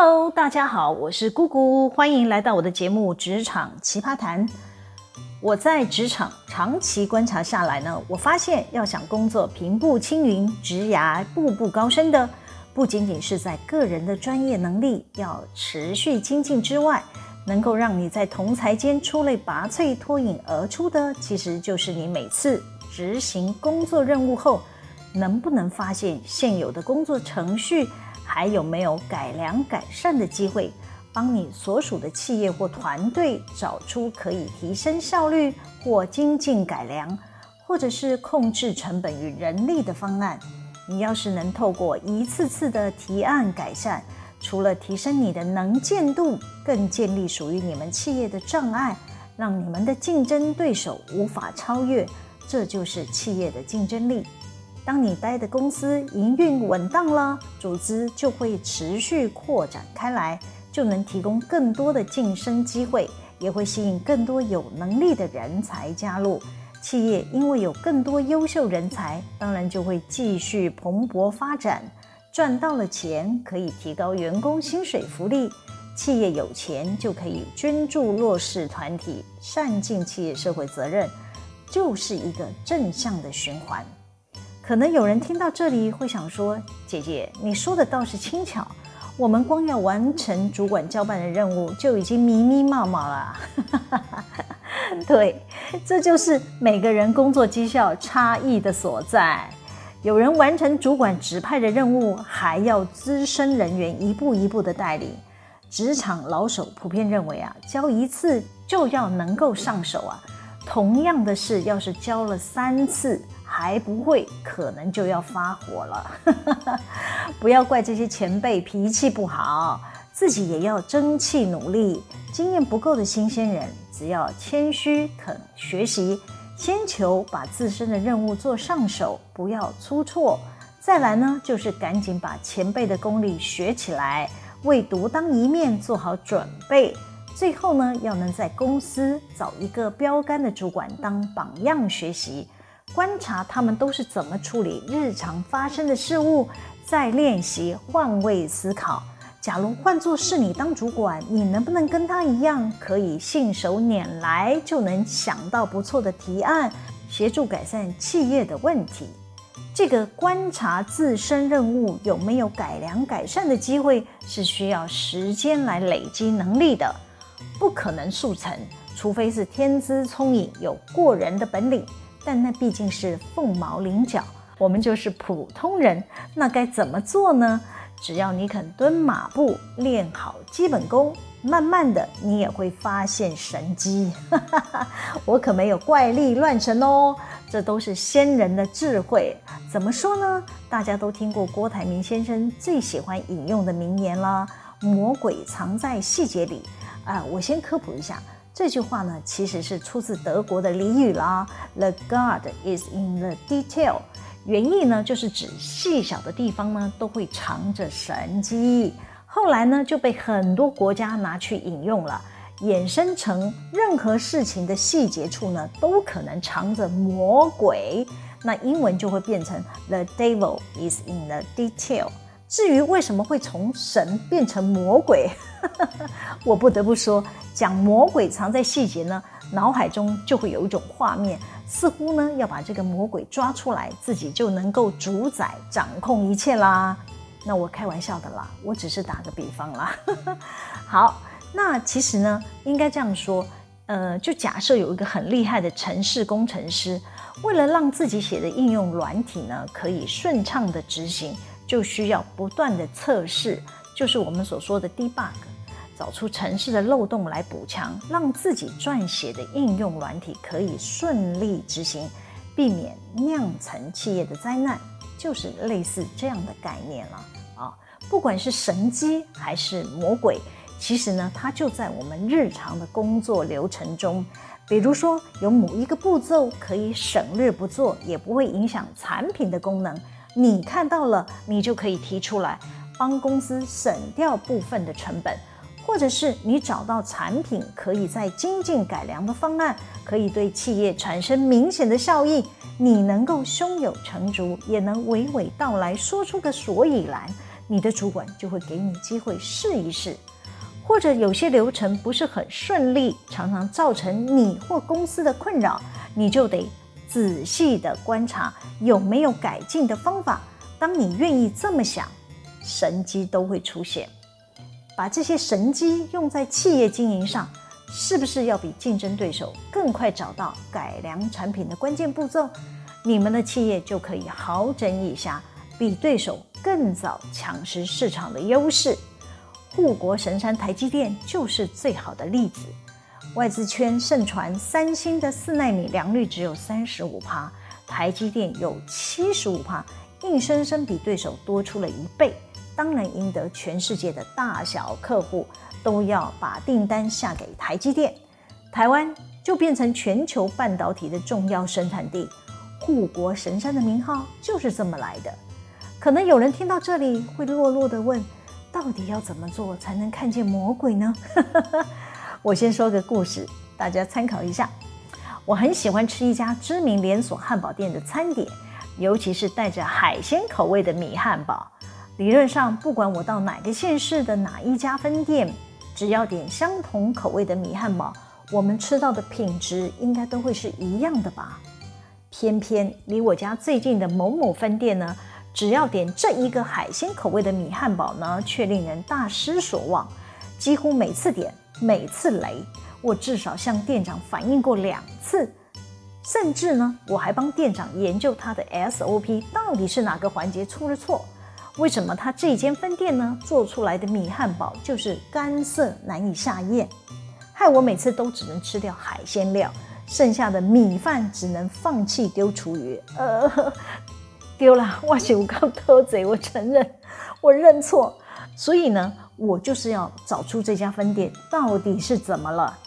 Hello，大家好，我是姑姑，歡迎來到我的節目《職場奇葩談》。我在職場長期觀察下來呢，我發現要想工作平步青雲、職涯步步高升的，不僅僅是在個人的專業能力要持續精進之外，能夠讓你在同儕間出類拔萃、脫穎而出的，其實就是你每次執行工作任務後，能不能發現現有的工作程序。還有沒有改良改善的機會？幫你所屬的企業或團隊找出可以提升效率或精進改良，或者是控制成本與人力的方案。你要是能透過一次次的提案改善，除了提升你的能見度，更建立屬於你們企業的障礙，讓你們的競爭對手無法超越，這就是企業的競爭力。當你待的公司營運穩當了，組織就會持續擴展開來，就能提供更多的晉升機會，也會吸引更多有能力的人才加入。企業因為有更多優秀人才，當然就會繼續蓬勃發展，賺到了錢可以提高員工薪水福利。企業有錢就可以捐助弱勢團體，善盡企業社會責任，就是一個正向的循環。可能有人聽到這裡會想說：“姐姐，你說的倒是輕巧，我們光要完成主管交辦的任務就已經迷迷茫茫了。 ”對，這就是每個人工作績效差異的所在。有人完成主管指派的任務，還要資深人員一步一步的帶領。職場老手普遍認為啊，教一次就要能夠上手啊。同樣的事，要是教了三次，還不會，可能就要發火了。 不要怪這些前輩脾氣不好，自己也要爭氣努力。經驗不夠的新鮮人，只要謙虛肯學習，先求把自身的任務做上手，不要出錯。再來呢，就是趕緊把前輩的功力學起來，為獨當一面做好準備。最後呢，要能在公司找一個標杆的主管當榜樣學習。觀察他們都是怎麼處理日常發生的事物，再練習換位思考。假如換作是你當主管，你能不能跟他一樣，可以信手拈來就能想到不錯的提案，協助改善企業的問題？這個觀察自身任務有沒有改良改善的機會，是需要時間來累積能力的，不可能速成，除非是天資聰穎、有過人的本領。但那畢竟是鳳毛麟角，我們就是普通人，那該怎麼做呢？只要你肯蹲馬步，練好基本功，慢慢的你也會發現神機。 我可沒有怪力亂神哦，這都是先人的智慧。怎麼說呢？大家都聽過郭台銘先生最喜歡引用的名言了：“魔鬼藏在細節裡。”呃，啊，我先科普一下。這句話呢，其實是出自德國的俚語啦。The God is in the detail，原意呢就是指細小的地方呢都會藏着神機，後來呢就被很多國家拿去引用了，衍生成任何事情的細節處呢都可能藏着魔鬼，那英文就會變成 The Devil is in the detail。至於為什麼會從神變成魔鬼， 我不得不說，講魔鬼藏在細節呢，腦海中就會有一種畫面，似乎呢要把這個魔鬼抓出來，自己就能夠主宰掌控一切啦。那我開玩笑的啦，我只是打個比方啦。 好，那其實呢，應該這樣說，呃，就假設有一個很厲害的程式工程師，為了讓自己寫的應用軟體呢，可以順暢地執行。就需要不斷的測試，就是我們所說的 debug，找出程式的漏洞來補強，讓自己撰寫的應用軟體可以順利執行，避免釀成企業的災難，就是類似這樣的概念了啊、哦。不管是神機還是魔鬼，其實呢，它就在我們日常的工作流程中，比如說有某一個步驟可以省略不做，也不會影響產品的功能。你看到了，你就可以提出來，幫公司省掉部分的成本，或者是你找到產品可以在精進改良的方案，可以對企業產生明顯的效益。你能夠胸有成竹，也能娓娓道來說出個所以然，你的主管就會給你機會試一試。或者有些流程不是很順利，常常造成你或公司的困擾，你就得。仔細地觀察有沒有改進的方法。當你願意這麼想，神機都會出現。把這些神機用在企業經營上，是不是要比競爭對手更快找到改良產品的關鍵步驟？你們的企業就可以好整以暇，比對手更早搶食市場的優勢。護國神山台積電就是最好的例子。外資圈盛傳，三星的四奈米良率只有三十五帕，台積電有七十五帕，硬生生比對手多出了一倍，當然贏得全世界的大小客戶都要把訂單下給台積電，台灣就變成全球半導體的重要生產地，護國神山的名號就是這麼來的。可能有人聽到這裡會落落的問，到底要怎麼做才能看見魔鬼呢？ 我先說個故事，大家參考一下。我很喜歡吃一家知名連鎖漢堡店的餐點，尤其是帶着海鮮口味的米漢堡。理論上，不管我到哪個縣市的哪一家分店，只要點相同口味的米漢堡，我們吃到的品質應該都會是一樣的吧？偏偏離我家最近的某某分店呢，只要點這一個海鮮口味的米漢堡呢，卻令人大失所望，幾乎每次點。每次雷，我至少向店長反映過兩次，甚至呢，我還幫店長研究他的 SOP 到底是哪個環節出了錯。為什麼他這間分店呢，做出來的米漢堡就是乾澀，難以下嚥，害我每次都只能吃掉海鮮料，剩下的米飯只能放棄丟廚餘，呃，丟了，我是個偷嘴，我承認，我認錯，所以呢。我就是要找出這家分店到底是怎麼了。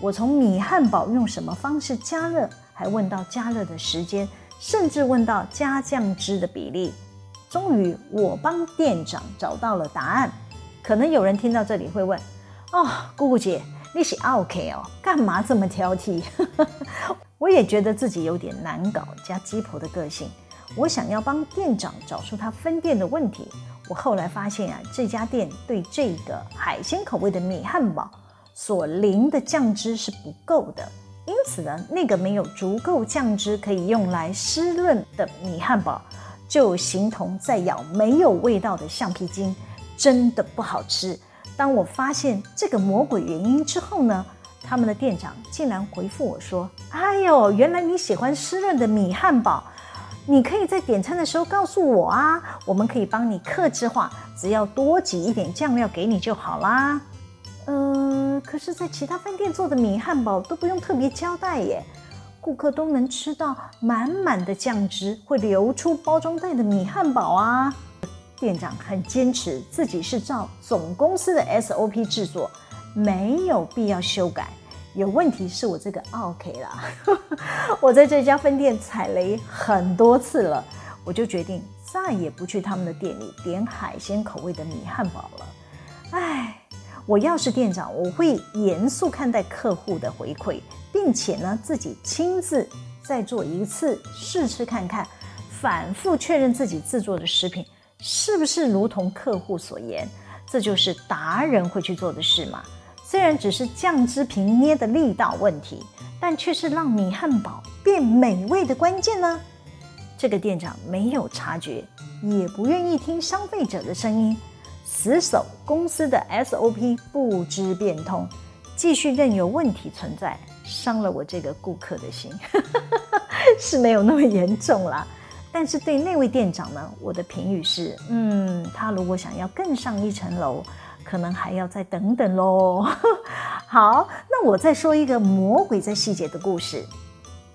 我從米漢堡用什麼方式加熱，還問到加熱的時間，甚至問到加醬汁的比例。終於，我幫店長找到了答案。可能有人聽到這裡會問：哦，姑姑姐，你是奧客哦，幹嘛這麼挑剔？ 我也覺得自己有點難搞，加雞婆的個性。我想要幫店長找出他分店的問題。我後來發現啊，這家店對這個海鮮口味的米漢堡所淋的醬汁是不夠的，因此呢，那個沒有足夠醬汁可以用來濕潤的米漢堡，就形同在咬沒有味道的橡皮筋，真的不好吃。當我發現這個魔鬼原因之後呢，他們的店長竟然回復我說：“哎呦，原來你喜歡濕潤的米漢堡。”你可以在點餐的時候告訴我啊，我們可以幫你客制化，只要多擠一點醬料給你就好啦。嗯、呃，可是，在其他飯店做的米漢堡都不用特別交代耶，顧客都能吃到滿滿的醬汁，會流出包裝袋的米漢堡啊。店長很堅持自己是照總公司的 SOP 制作，沒有必要修改。有問題是我這個 OK 啦。 我在這家分店踩雷很多次了，我就決定再也不去他們的店裡點海鮮口味的米漢堡了。哎，我要是店長，我會嚴肅看待客戶的回饋，並且呢，自己親自再做一次試吃看看，反覆確認自己制作的食品是不是如同客戶所言，這就是達人會去做的事嘛。雖然只是醬汁瓶捏的力道問題，但卻是讓米漢堡變美味的關鍵呢。這個店長沒有察覺，也不願意聽消費者的聲音，死守公司的 SOP，不知變通，繼續任由問題存在，傷了我這個顧客的心。 是沒有那麼嚴重啦，但是對那位店長呢，我的評語是，嗯，他如果想要更上一層樓。可能還要再等等咯。 好，那我再說一個魔鬼在細節的故事。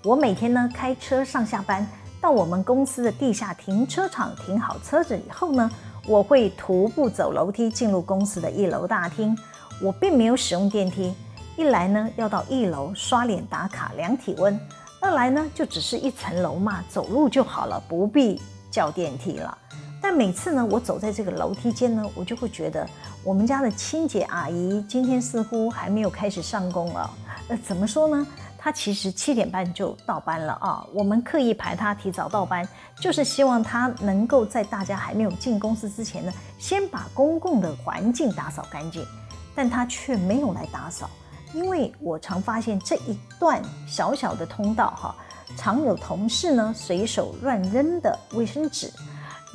我每天呢開車上下班，到我們公司的地下停車場停好車子以後呢，我會徒步走樓梯進入公司的一樓大廳。我並沒有使用電梯，一來呢要到一樓刷臉打卡、量體溫；二來呢就只是一層樓嘛，走路就好了，不必叫電梯了。但每次呢，我走在這個樓梯間呢，我就會覺得我們家的清潔阿姨今天似乎還沒有開始上工啊、哦。那、呃、怎麼說呢？她其實七點半就到班了啊。我們刻意排她提早到班，就是希望她能夠在大家還沒有進公司之前呢，先把公共的環境打掃乾淨。但她卻沒有來打掃，因為我常發現這一段小小的通道哈、啊，常有同事呢隨手亂扔的衛生紙。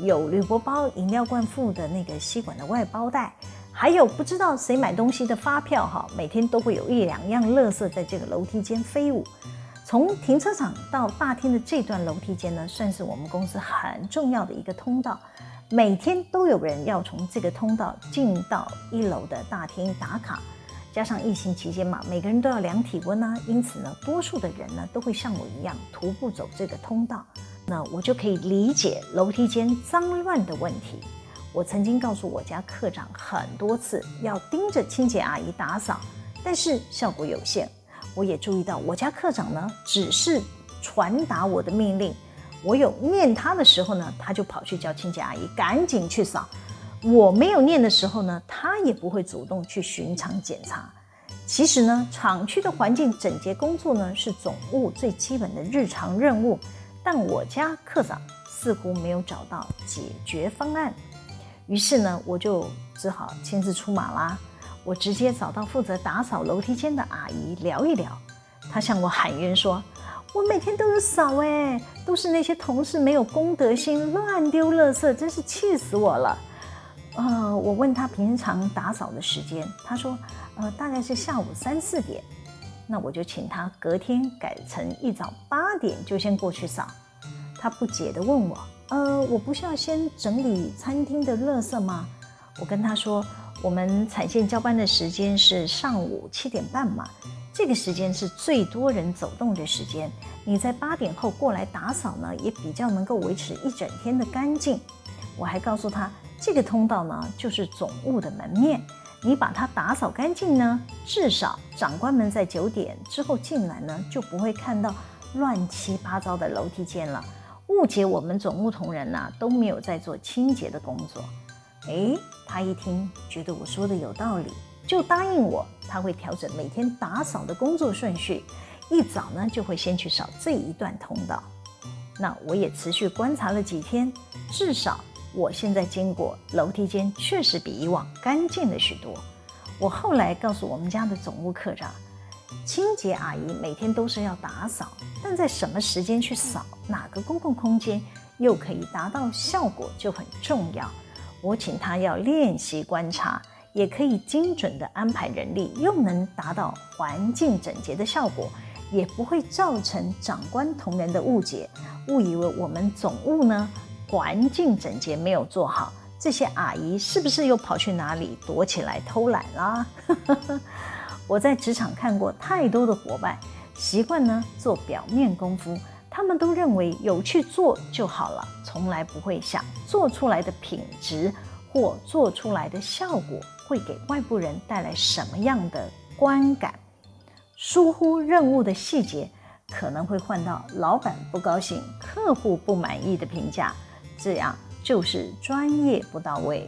有鋁箔包、飲料罐附的那個吸管的外包袋，還有不知道誰買東西的發票，哈，每天都會有一兩樣垃圾在這個樓梯間飛舞。從停車場到大廳的這段樓梯間呢，算是我們公司很重要的一個通道，每天都有人要從這個通道進到一樓的大廳打卡。加上疫情期間嘛，每個人都要量體溫呢、啊。因此呢，多數的人呢都會像我一樣徒步走這個通道。那我就可以理解樓梯間髒亂的問題。我曾經告訴我家科長很多次要盯着清潔阿姨打掃，但是效果有限。我也注意到我家科長呢只是傳達我的命令，我有念他的時候呢，他就跑去叫清潔阿姨趕緊去掃；我沒有念的時候呢，他也不會主動去巡場檢查。其實呢，廠區的環境整潔工作呢是總務最基本的日常任務。但我家課長似乎沒有找到解決方案，於是呢，我就只好親自出馬啦，我直接找到負責打掃樓梯間的阿姨聊一聊，她向我喊冤說：“我每天都有掃，哎，都是那些同事沒有公德心，亂丟垃圾，真是氣死我了。”呃，我問她平常打掃的時間，她說：“呃，大概是下午三四點。”那我就請他隔天改成一早八點就先過去掃。他不解地問我：“呃，我不是要先整理餐廳的垃圾嗎？”我跟他說：“我們產線交班的時間是上午七點半嘛，這個時間是最多人走動的時間。你在八點後過來打掃呢，也比較能夠維持一整天的乾淨。”我還告訴他：“這個通道呢，就是總務的門面。”你把它打掃乾淨呢，至少長官們在九點之後進來呢，就不會看到亂七八糟的樓梯間了，誤解我們總務同仁呢、啊、都沒有在做清潔的工作。誒，他一聽覺得我說的有道理，就答應我他會調整每天打掃的工作順序，一早呢就會先去掃這一段通道。那我也持續觀察了幾天，至少。我現在經過樓梯間，確實比以往乾淨了許多。我後來告訴我們家的總務科長，清潔阿姨每天都是要打掃，但在什麼時間去掃，哪個公共空間又可以達到效果就很重要。我請她要練習觀察，也可以精準地安排人力，又能達到環境整潔的效果，也不會造成長官同仁的誤解，誤以為我們總務呢。環境整潔沒有做好，這些阿姨是不是又跑去哪裡躲起來偷懶啦？ 我在職場看過太多的夥伴，習慣呢做表面功夫，他們都認為有去做就好了，從來不會想做出來的品質或做出來的效果會給外部人帶來什麼樣的觀感。疏忽任務的細節，可能會換到老闆不高興、客戶不滿意的評價。這樣就是專業不到位。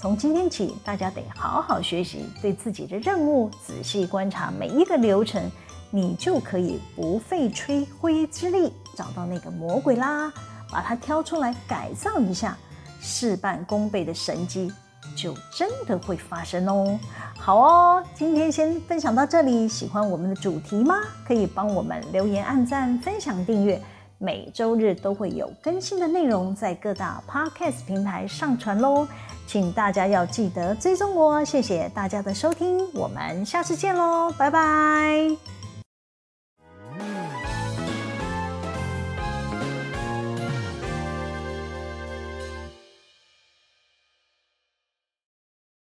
從今天起，大家得好好學習，對自己的任務仔細觀察每一個流程，你就可以不費吹灰之力找到那個魔鬼啦，把它挑出來改造一下，事半功倍的神蹟就真的會發生哦。好哦，今天先分享到這裡。喜歡我們的主題嗎？可以幫我們留言、按讚、分享、訂閱。每週日都會有更新的內容在各大 Podcast 平台上傳嘍，請大家要記得追蹤我，謝謝大家的收聽，我們下次見嘍，拜拜。